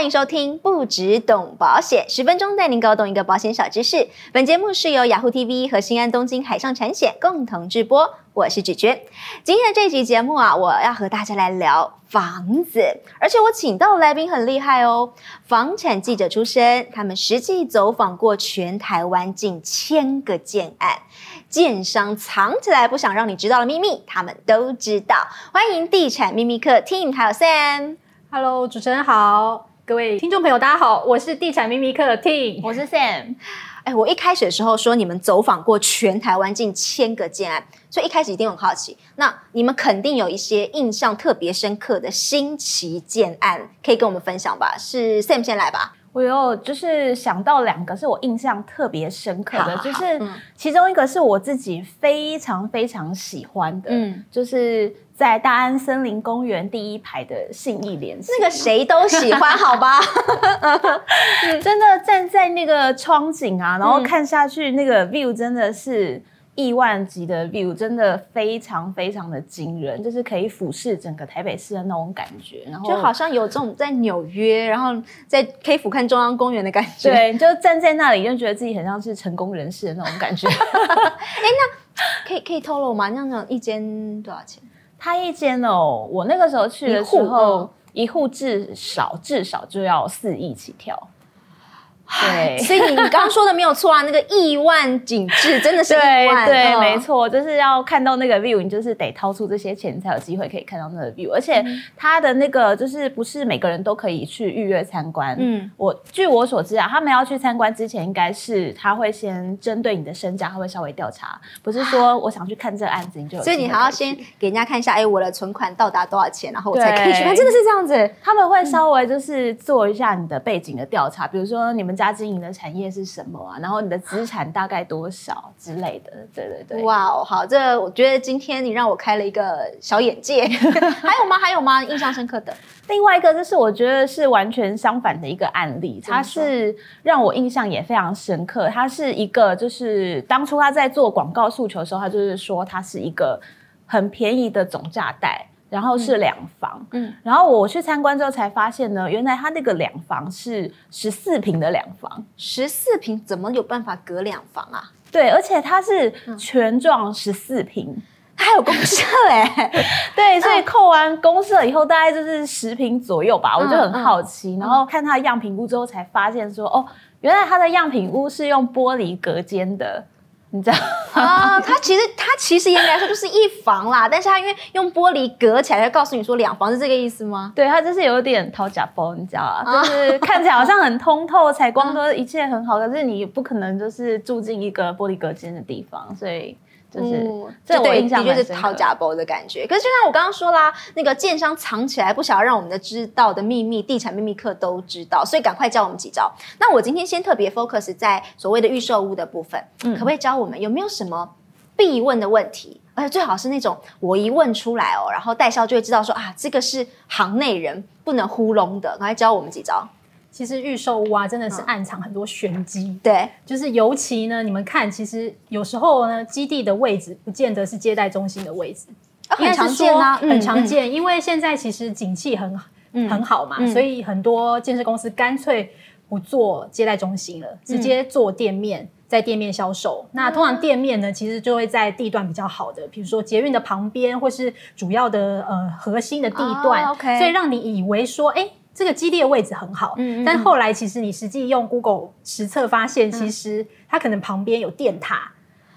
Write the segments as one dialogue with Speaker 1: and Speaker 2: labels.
Speaker 1: 歡迎收聽《不芷懂保險》，十分鐘帶您搞懂一個保險小知識。本節目是由雅虎 TV 和新安東京海上產險共同製播。我是芷娟。今天的這集節目啊，我要和大家來聊房子，而且我請到的來賓很厲害哦，房產記者出身，他們實際走訪過全台灣近千個建案，建商藏起來不想讓你知道的秘密，他們都知道。歡迎地產秘密客 Tim 還有 Sam。Hello，主持人好。各位聽眾朋友，大家好，我是地產秘密客 Tim，我是 Sam。哎、欸，我一開始的時候說你們走訪過全台灣近千個建案，所以一開始一定很好奇。那你們肯定有一些印象特別深刻的新奇
Speaker 2: 建案可以跟我們分享吧？是 Sam 先來吧。我有就是想到兩個是我印象特別深刻的，啊、就是其中一個是我自己非常非常喜歡的，嗯，就是。在大安森林公園第一排的信義聯勤那個，誰都喜歡，好吧？真的站在那個窗景啊，嗯、然後看下去，那個 view 真的是億萬級的 view，真的非常非常的驚人，就是可以俯視整個台北市的那種感覺，然後就好像有這種在紐約， 然後在可以俯瞰中央公園的感覺，對，你就站在那裡就覺得自己很像是成功人士的那種感覺。哎、 欸，那可以可以透露嗎？
Speaker 1: 那樣一間多少錢？
Speaker 2: 他一間哦，我那個時候去的時候，一戶、啊、至少至少就要四億起跳。對， 所以你你剛剛說的沒有錯啊，那個億萬景致真的是億萬。對對，對哦、沒錯，就是要看到那個 view，你就是得掏出這些錢才有機會可以看到那個 view，而且他的那個就是不是每個人都可以去預約參觀。嗯，我據我所知啊，他們要去參觀之前，應該是他會先針對你的身價，他會稍微調查，不是說我想去看這個案子，啊、你就有。所以你還要先給人家看一下，哎，我的存款到達多少錢，然後我才可以去看，對真的是這樣子，他們會稍微就是做一下你的背景的調查，嗯、比如說你們。家經營的產業是什麼啊？然後你的資產大概多少之類的？對對對。哇，哦，好，這我覺
Speaker 1: 得今天你讓我開了一個小眼界。 還有嗎？還有嗎？印象深刻的。
Speaker 2: 另外一個就是我覺得是完全相反的一個案例，它是讓我印象也非常深刻。它是一個，就是當初他在做廣告訴求的時候，他就是說它是一個很便宜的總價帶。然後是兩房，嗯，嗯，然後我去參觀之後才發現呢，原來他那個兩房是十四坪的兩房，十四坪怎麼有辦法隔兩房啊？對，而且它是全幢十四坪，嗯、它還有公設哎、欸， 對，所以扣完公設以後大概就是十坪左右吧，我就很好奇，嗯嗯、然後看他的樣品屋之後才發現說，哦，原來他的樣品屋是用玻璃隔間的，
Speaker 1: 你知道。啊，它、 oh, 其實它其實嚴格來說就
Speaker 2: 是一房啦， 但是它因為用玻璃隔起來，要告訴你說兩房是這個意思嗎？ 對，它就是有點掏假包，你知道啊 就是看起來好像很通透，採光都一切很好，可 是你不可能就是住進一個玻璃隔間的地方，所以。就是，嗯、就對這對我印象就是討價
Speaker 1: 博的感覺。可是就像我剛剛說啦，那個建商藏起來不想要讓我們的知道的秘密，地產秘密客都知道，所以趕快教我們幾招。那我今天先特別 focus 在所謂的預售屋的部分，嗯、可不可以教我們有沒有什麼必問的問題？而且最好是那種我一問出來哦，然後代銷就會知道說啊，這個是行內人不能糊弄的。趕快教我們幾招。其實預售屋啊，真的是暗藏很多玄機。嗯、對，就是尤其呢，你們看，其實有時候呢，基地的位置不見得是接待中心的位置，
Speaker 2: 很、哦、常見啊，很常見。
Speaker 1: 嗯嗯、因為現在其實景氣很、嗯、很好嘛，嗯、所以很多建設公司乾脆不做接待中心了，嗯、直接做店面，在店面銷售。嗯、那通常店面呢，其實就會在地段比較好的，比如說捷運的旁邊，或是主要的呃核心的地段。哦、OK，所以讓你以為說，哎。這個基地的位置很好，嗯嗯嗯，但後來其實你實際用 Google 實測發現，嗯、其實它可能旁邊有電塔。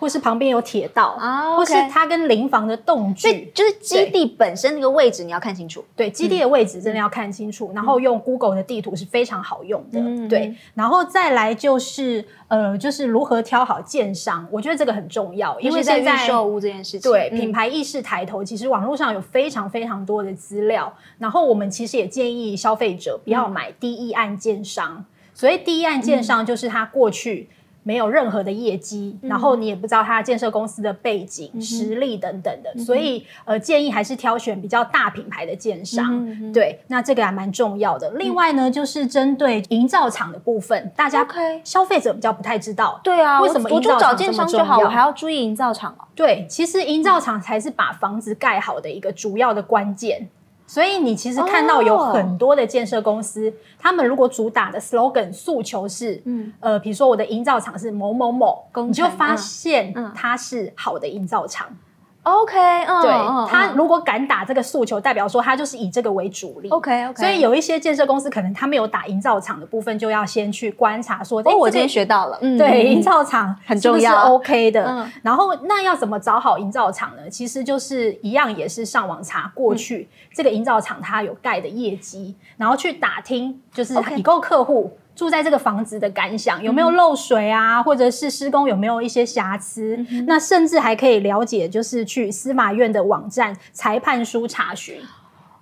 Speaker 1: 或是旁邊有鐵道，啊 okay、或是它跟鄰房的棟距，就是基地本身那個位置，你要看清楚。對，基地的位置真的要看清楚。嗯、然後用 Google 的地圖是非常好用的。嗯、對，然後再來就是呃，就是如何挑好建商，我覺得這個很重要，因為現在預售屋這件事情，對品牌意識抬頭，其實網絡上有非常非常多的資料。然後我們其實也建議消費者不要買第一案建商，嗯、所以第一案建商就是他過去。嗯沒有任何的業績，嗯、然後你也不知道他建設公司的背景，嗯、哼實力等等的，嗯、哼所以呃，建議還是挑選比較大品牌的建商。嗯、哼對，那這個還蠻重要的。嗯、另外呢，就是針對營造廠的部分，嗯、大家消費者比較不太知道。對啊，為什麼我就找建商就好？我還要注意營造廠啊？哦？對，其實營造廠才是把房子蓋好的一個主要的關鍵。所以你其實看到有很多的建設公司，oh. 他們如果主打的 slogan 訴求是，嗯、呃，比如說我的營造廠是某某某工程，你就發現它是好的營造廠。嗯嗯 OK，嗯，對，嗯嗯，他如果敢打這個訴求，代表說他就是以這個為主力。OK，OK、okay, okay。所以有一些建設公司可能他沒有打營造廠的部分，就要先去觀察說，哎，我今天學到了，嗯、對，嗯、營造廠是是、okay、很重要，OK 的。嗯、然後那要怎麼找好營造廠呢？其實就是一樣，也是上網查過去、嗯、這個營造廠它有蓋的業績，然後去打聽就是已購客戶。住在這個房子的感想有沒有漏水啊，或者是施工有沒有一些瑕疵？嗯、哼那甚至還可以了解，就是去司法院的網站裁判書查詢。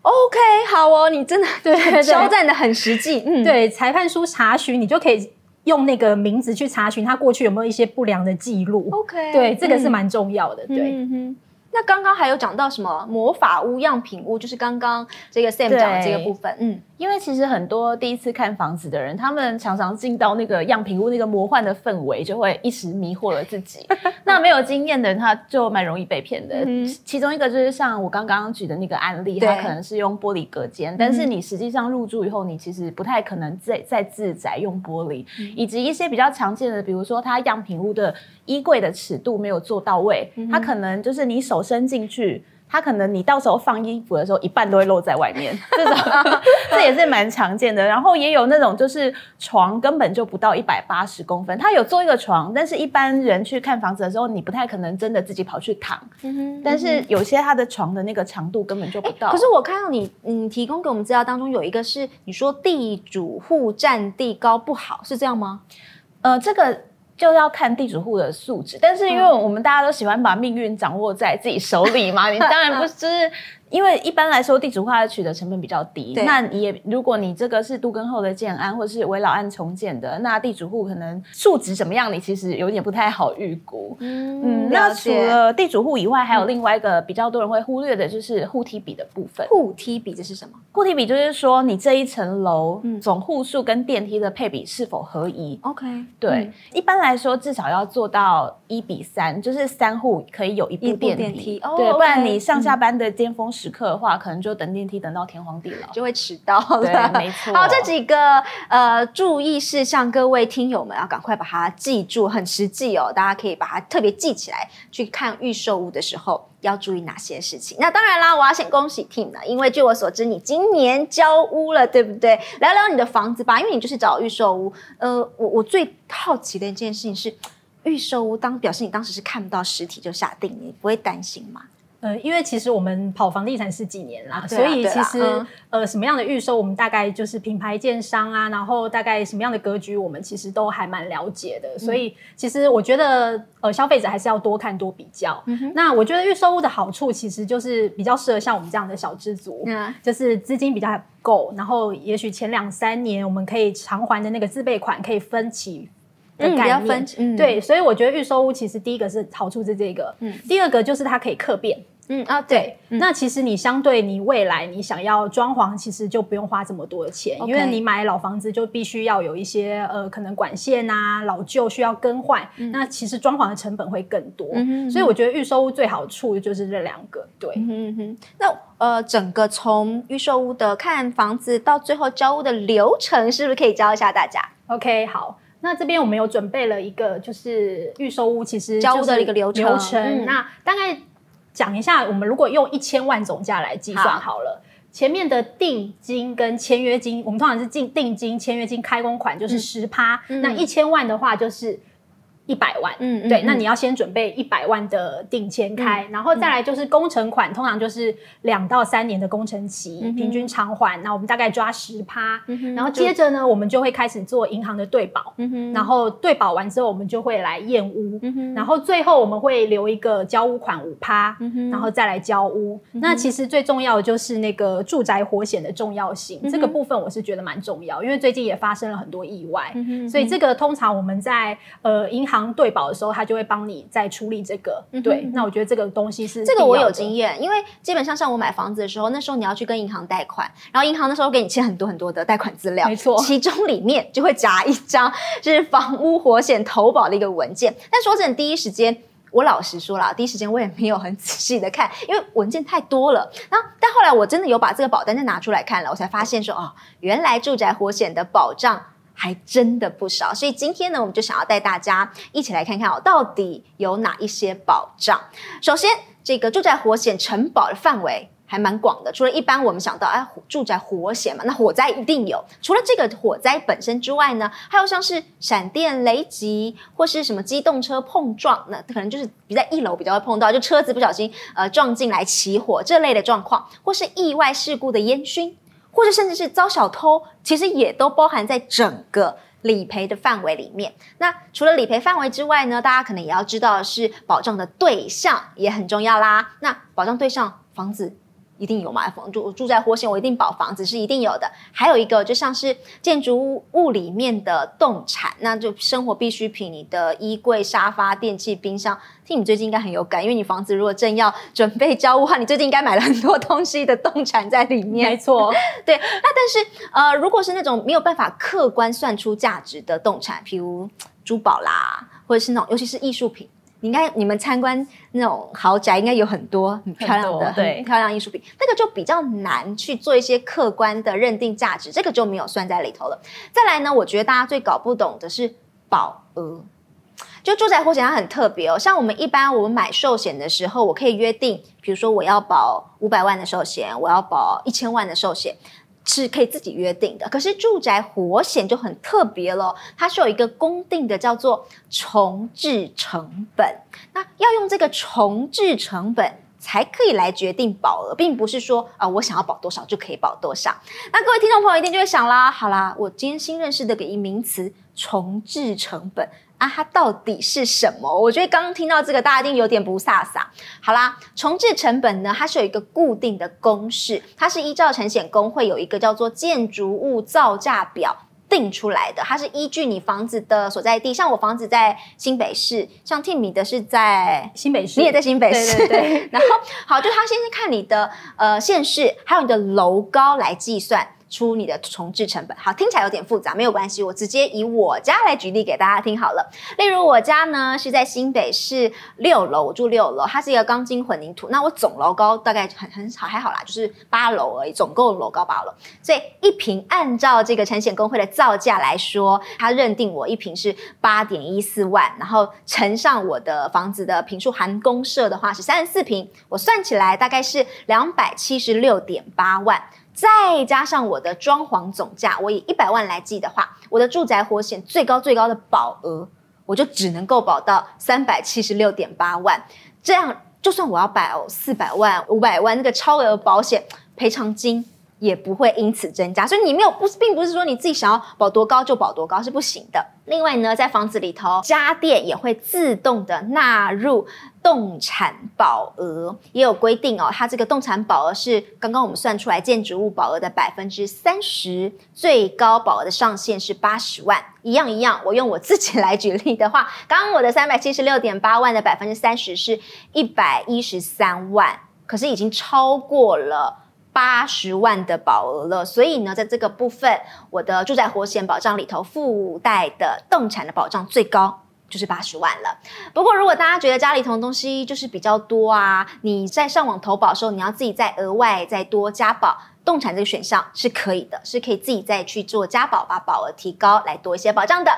Speaker 1: OK，好哦，你真的對交戰得很實際。嗯，對，裁判書查詢你就可以用那個名字去查詢他過去有沒有一些不良的記錄。OK，對，這個是蠻重要的。嗯、對。嗯那剛剛還有講到什麼
Speaker 2: 魔法屋、樣品屋，就是剛剛這個 Sam 講的這個部分。對嗯，因為其實很多第一次看房子的人，他們常常進到那個樣品屋那個魔幻的氛圍，就會一時迷惑了自己。 那沒有經驗的人，他就蠻容易被騙的。嗯、哼其中一個就是像我剛剛舉的那個案例，對他可能是用玻璃隔間，嗯、哼但是你實際上入住以後，你其實不太可能再再自宅用玻璃，嗯、哼以及一些比較常見的，比如說他樣品屋的衣櫃的尺度沒有做到位，嗯、哼他可能就是你手。伸進去，它可能你到時候放衣服的時候，一半都會露在外面，這種 這也是蠻常見的。然後也有那種就是床根本就不到一百八十公分，它有做一個床，但是一般人去看房子的時候，你不太可能真的自己跑去躺。嗯、哼但是有些它的床的那個長度根本就不到。嗯嗯、可是
Speaker 1: 我看到你，嗯，提供給我們資料當中有一
Speaker 2: 個是你說地主戶占地高不好，是這樣嗎？呃，這個。就是要看地主戶的素質，但是因為我們大家都喜歡把命運掌握在自己手裡嘛， 你當然不是。 因為一般來說，地主戶的取得成本比較低。對那你也，如果你這個是都更後的建案，或者是危老案重建的，那地主戶可能數值怎麼樣？你其實有點不太好預估。嗯，嗯解那除了地主戶以外，還有另外一個比較多人會忽略的就是戶梯比的部分。戶梯比這是什麼？戶梯比就是說，你這一層樓、嗯、總戶數跟電梯的配比是否合宜？OK。對，嗯、一般來說至少要做到一比三，就是三戶可以有一部電梯。電梯哦。對，不然你上下班的尖峰時、嗯。時刻的話，可能就等電梯等到天荒地老，就會遲到了。對，沒錯。好，這幾個呃注意事項，各位聽友們要趕快把它
Speaker 1: 記住，很實際哦。大家可以把它特別記起來，去看預售屋的時候要注意哪些事情。那當然啦，我要先恭喜 Tim 呢，因為據我所知，你今年交屋了，對不對？聊聊你的房子吧，因為你就是找預售屋。呃，我我最好奇的一件事情是，預售屋當表示你當時是看不到實體就下定，你不會擔心嗎？呃，因為其實我們跑房地產十幾年了，啊、所以其實、啊啊、呃，什麼樣的預售，我們大概就是品牌建商啊，然後大概什麼樣的格局，我們其實都還蠻了解的。嗯、所以其實我覺得，呃，消費者還是要多看多比較。嗯、哼那我覺得預售屋的好處，其實就是比較適合像我們這樣的小資族，嗯啊、就是資金比較不夠，然後也許前兩三年我們可以償還的那個自備款可以分期，嗯，比較分期，對。嗯、所以我覺得預售屋其實第一個是好處是這個，嗯，第二個就是它可以客變。嗯啊，對，對嗯、那其實你相對你未來你想要裝潢，其實就不用花這麼多的錢，Okay. 因為你買老房子就必須要有一些呃，可能管線啊老舊需要更換，嗯、那其實裝潢的成本會更多。嗯、哼哼哼所以我覺得預售屋最好處就是這兩個。對，嗯嗯。那呃，整個從預售屋的看房子到最後交屋的流程，是不是可以教一下大家？OK，好，那這邊我們有準備了一個就是預售屋其實交屋的一個流程，流程、嗯、那大概。講一下，我們如果用一千萬總價來計算好了，前面的定金跟簽約金，我們通常是進定金、簽約金、開工款，就是十趴。那一千萬的話就是。一百萬，嗯，對，那你要先準備一百萬的定簽開，然後再來就是工程款，通常就是兩到三年的工程期，平均償還。那我們大概抓十趴，
Speaker 2: 然後接着呢，
Speaker 1: 我們就會開始做銀行的對保，然後對保完之後，我們就會來驗屋，然後最後我們會留一個交屋款五趴，然後再來交屋。那其實最重要的就是那個住宅火險的重要性，這個部分我是覺得蠻重要，因為最近也發生了很多意外，所以這個通常我們在呃銀行。對保的時候，他就會幫你再處理這個。嗯哼。對，那我覺得這個東西是這個我有經驗，因為基本上像我買房子的時候，那時候你要去跟銀行貸款，然後銀行那時候給你簽很多很多的貸款資料，沒錯，其中裡面就會夾一張就是房屋火險投保的一個文件。但說真的，第一時間我老實說啦，第一時間我也沒有很仔細的看，因為文件太多了。然後但後來我真的有把這個保單再拿出來看了，我才發現說哦，原來住宅火險的保障。還真的不少，所以今天呢，我們就想要帶大家一起來看看哦，到底有哪一些保障。首先，這個住宅火險承保的範圍還蠻廣的，除了一般我們想到啊，住宅火險嘛，那火災一定有。除了這個火災本身之外呢，還有像是閃電雷擊或是什麼機動車碰撞，那可能就是比在一樓比較會碰到，就車子不小心呃撞進來起火這類的狀況，或是意外事故的煙燻。或者甚至是遭小偷，其實也都包含在整個理賠的範圍裡面。那除了理賠範圍之外呢，大家可能也要知道的是保障的對象也很重要啦。那保障對象，房子。一定有買房，住住在火險，我一定保房子是一定有的。還有一個就像是建築物裡面的動產，那就生活必需品，你的衣櫃、沙發、電器、冰箱。聽你最近應該很有感，因為你房子如果正要準備交屋的話，你最近應該買了很多東西的動產在裡面。沒錯錯。對。那但是呃，如果是那種沒有辦法客觀算出價值的動產，譬如珠寶啦，或者是那種，尤其是藝術品。應該你們參觀那種豪宅，應該有很多很漂亮的、很漂亮藝術品。那個就比較難去做一些客觀的認定價值，這個就沒有算在裡頭了。再來呢，我覺得大家最搞不懂的是保額、嗯，就住宅火險它很特別哦。像我們一般，我們買壽險的時候，我可以約定，比如說我要保五百萬的壽險，我要保一千萬的壽險。是可以自己約定的，可是住宅火險就很特別了，它是有一個公定的叫做重置成本，那要用這個重置成本才可以來決定保額，並不是說啊、呃、我想要保多少就可以保多少。那各位聽眾朋友一定就會想啦，好啦，我今天新認識的給一名詞重置成本。啊，它到底是什麼？我覺得剛剛聽到這個，大家一定有點不颯颯。好啦，重置成本呢，它是有一個固定的公式，它是依照產險公會有一個叫做建築物造價表定出來的，它是依據你房子的所在地，像我房子在新北市，像 Timmy 的是在新北市，你也在新北市，對對對。然後，好，就它先是看你的呃縣市，還有你的樓高來計算。出你的重置成本，好，聽起來有點複雜，沒有關係，我直接以我家來舉例給大家聽好了。例如我家呢是在新北市六樓，我住六樓，它是一個鋼筋混凝土，那我總樓高大概很很好還好啦，就是八樓而已，總共樓高八樓，所以一坪按照這個產險公會的造價來說，它認定我一坪是八點一四萬，然後乘上我的房子的坪數含公設的話是三十四坪，我算起來大概是兩百七十六點八萬。再加上我的裝潢總價，我以一百萬來計的話，我的住宅火險最高最高的保額，我就只能夠保到三百七十六點八萬，這樣就算我要保四百萬、五百萬那個超額保險賠償金。也不會因此增加，所以你沒有不是，並不是說你自己想要保多高就保多高，是不行的。另外呢，在房子裡頭，家電也會自動的納入動產保額，也有規定哦。它這個動產保額是剛剛我們算出來建築物保額的百分之三十，最高保額的上限是八十萬。一樣一樣，我用我自己來舉例的話，剛剛我的三百七十六點八萬的百分之三十是一百一十三萬，可是已經超過了。八十萬的保額了，所以呢，在這個部分，我的住宅火險保障裡頭附帶的動產的保障最高就是八十萬了。不過，如果大家覺得家裡頭東西就是比較多啊，你在上網投保的時候，你要自己再額外再多加保。動產這個選項是可以的，是可以自己再去做加保，把保額提高，來多一些保障的。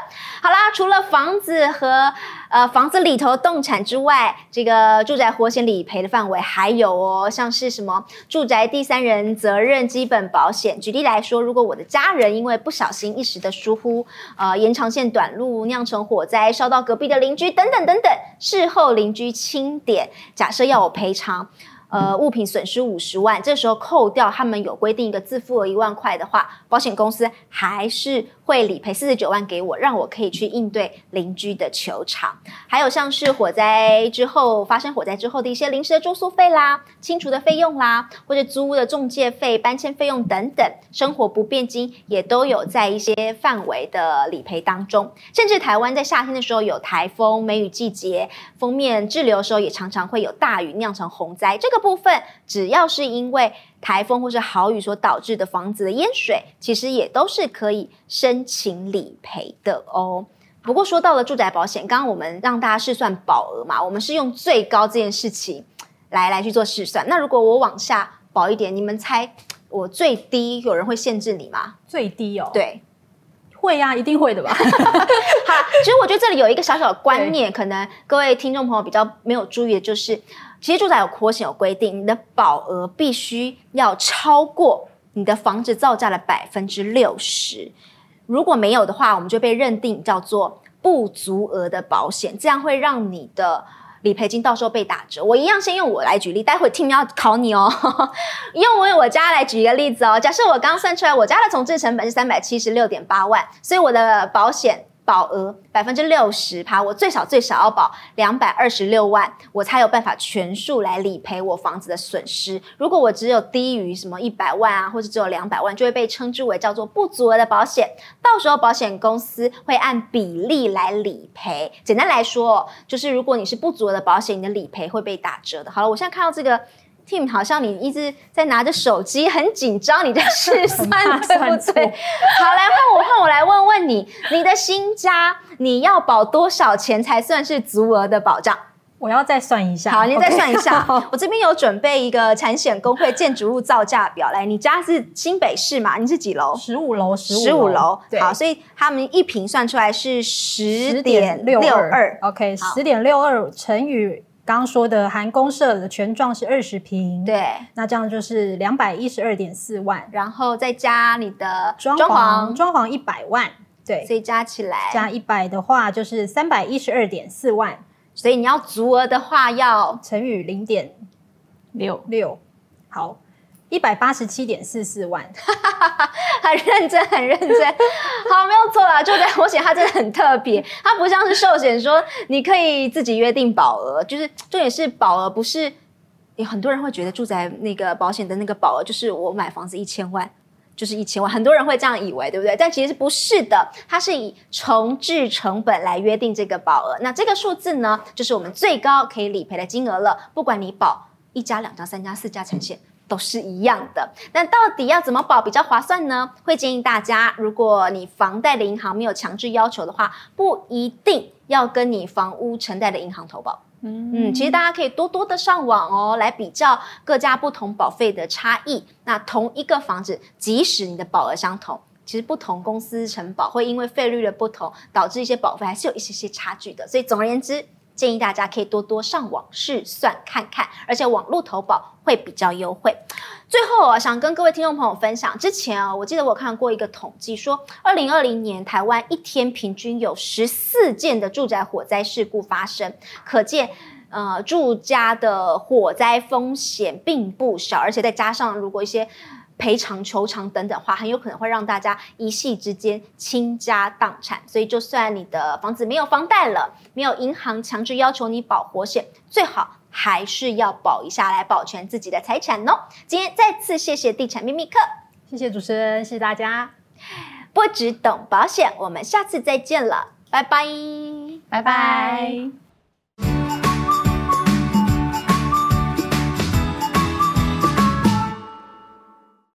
Speaker 1: 好啦，除了房子和呃房子裡頭動產之外，這個住宅火險理賠的範圍還有哦，像是什麼住宅第三人責任基本保險。舉例來說，如果我的家人因為不小心一時的疏忽，呃，延長線短路釀成火災，燒到隔壁的鄰居，等等等等，事後鄰居清點，假設要我賠償。呃，物品損失五十萬，這時候扣掉他們有規定一個自付額一萬塊的話，保險公司還是。會理賠四十九萬給我，讓我可以去應對鄰居的求償。還有像是火災之後發生火災之後的一些臨時的住宿費啦、清除的費用啦，或者租屋的中介費、搬遷費用等等，生活不便金也都有在一些範圍的理賠當中。甚至台灣在夏天的時候有台風、梅雨季節、鋒面滯留的時候，也常常會有大雨釀成洪災。這個部分，只要是因為颱風或是豪雨所導致的房子的淹水，其實也都是可以申請理賠的哦。不過說到了住宅保險，剛剛我們讓大家試算保額嘛，我們是用最高這件事情來來去做試算。那如果我往下保一點，你們猜我最低，有人會限制你嗎？最低哦，對，會呀、啊，一定會的吧？ 好， 其實我覺得這裡有一個小小的觀念，對可能各位聽眾朋友比較沒有注意的就是。其實住宅有火險有規定，你的保額必須要超過你的房子造價的百分之六十。如果沒有的話，我們就被認定叫做不足額的保險，這樣會讓你的理賠金到時候被打折。我一樣先用我來舉例，待會 Tim 要考你哦。 用我我家來舉一個例子哦。假設我剛算出來我家的重置成本是三百七十六點八萬，所以我的保險。保額百分之六十，怕我最少最少要保兩百二十六萬，我才有辦法全數來理賠我房子的損失。如果我只有低於什麼一百萬啊，或者只有兩百萬，就會被稱之為叫做不足額的保險。到時候保險公司會按比例來理賠。簡單來說，就是如果你是不足額的保險，你的理賠會被打折的。好了，我現在看到這個。Tim，好像你一直在拿着手機，很緊張，你在試算，很怕算錯，對不對？好，來換我換我來問問你，你的新家你要保多少錢才算是足額的保障？我要再算一下。好，你再算一下。Okay. 我這邊有準備一個產險公會建築物造價表。 來，你家是新北市嘛？你是幾樓？十五樓，十五樓。十五樓。好，對所以他們一坪算出來是十點六二。OK，十點六二乘以。剛剛說的含公設的權狀是二十坪，對，那這樣就是兩百一十二點四萬，然後再加你的裝潢，裝潢一百萬，對，所以加起來加一百的話就是三百一十二點四萬，所以你要足額的話要乘以零點六六，好。一百八十七點四四萬哈哈哈哈，很認真，很認真。好，沒有錯啦，就在。我寫它真的很特別，它不像是壽險，說你可以自己約定保額，就是重點是保額，不是。有很多人會覺得住宅那個保險的那個保額，就是我買房子一千萬，就是一千萬，很多人會這樣以為，對不對？但其實不是的，它是以重置成本來約定這個保額。那這個數字呢，就是我們最高可以理賠的金額了。不管你保一家、兩家、三家、四家產險。都是一樣的，那到底要怎麼保比較划算呢？會建議大家，如果你房貸的銀行沒有強制要求的話，不一定要跟你房屋承貸的銀行投保。嗯嗯，其實大家可以多多的上網哦，來比較各家不同保費的差異。那同一個房子，即使你的保額相同，其實不同公司承保會因為費率的不同，導致一些保費還是有一些些差距的。所以總而言之，建議大家可以多多上網試算看看，而且網路投保會比較優惠。最後啊，想跟各位聽眾朋友分享，之前啊，我記得我看過一個統計，說二零二零年台灣一天平均有十四件的住宅火災事故發生，可見呃住家的火災風險並不小，而且再加上如果一些。賠償、求償等等的話，很有可能會讓大家一夕之間傾家蕩產。所以，就算你的房子沒有房貸了，沒有銀行強制要求你保火險，最好還是要保一下來保全自己的財產哦。今天再次謝謝地產秘密客，謝謝主持人，謝謝大家。不芷懂保險，我們下次再見了，拜拜，拜
Speaker 2: 拜。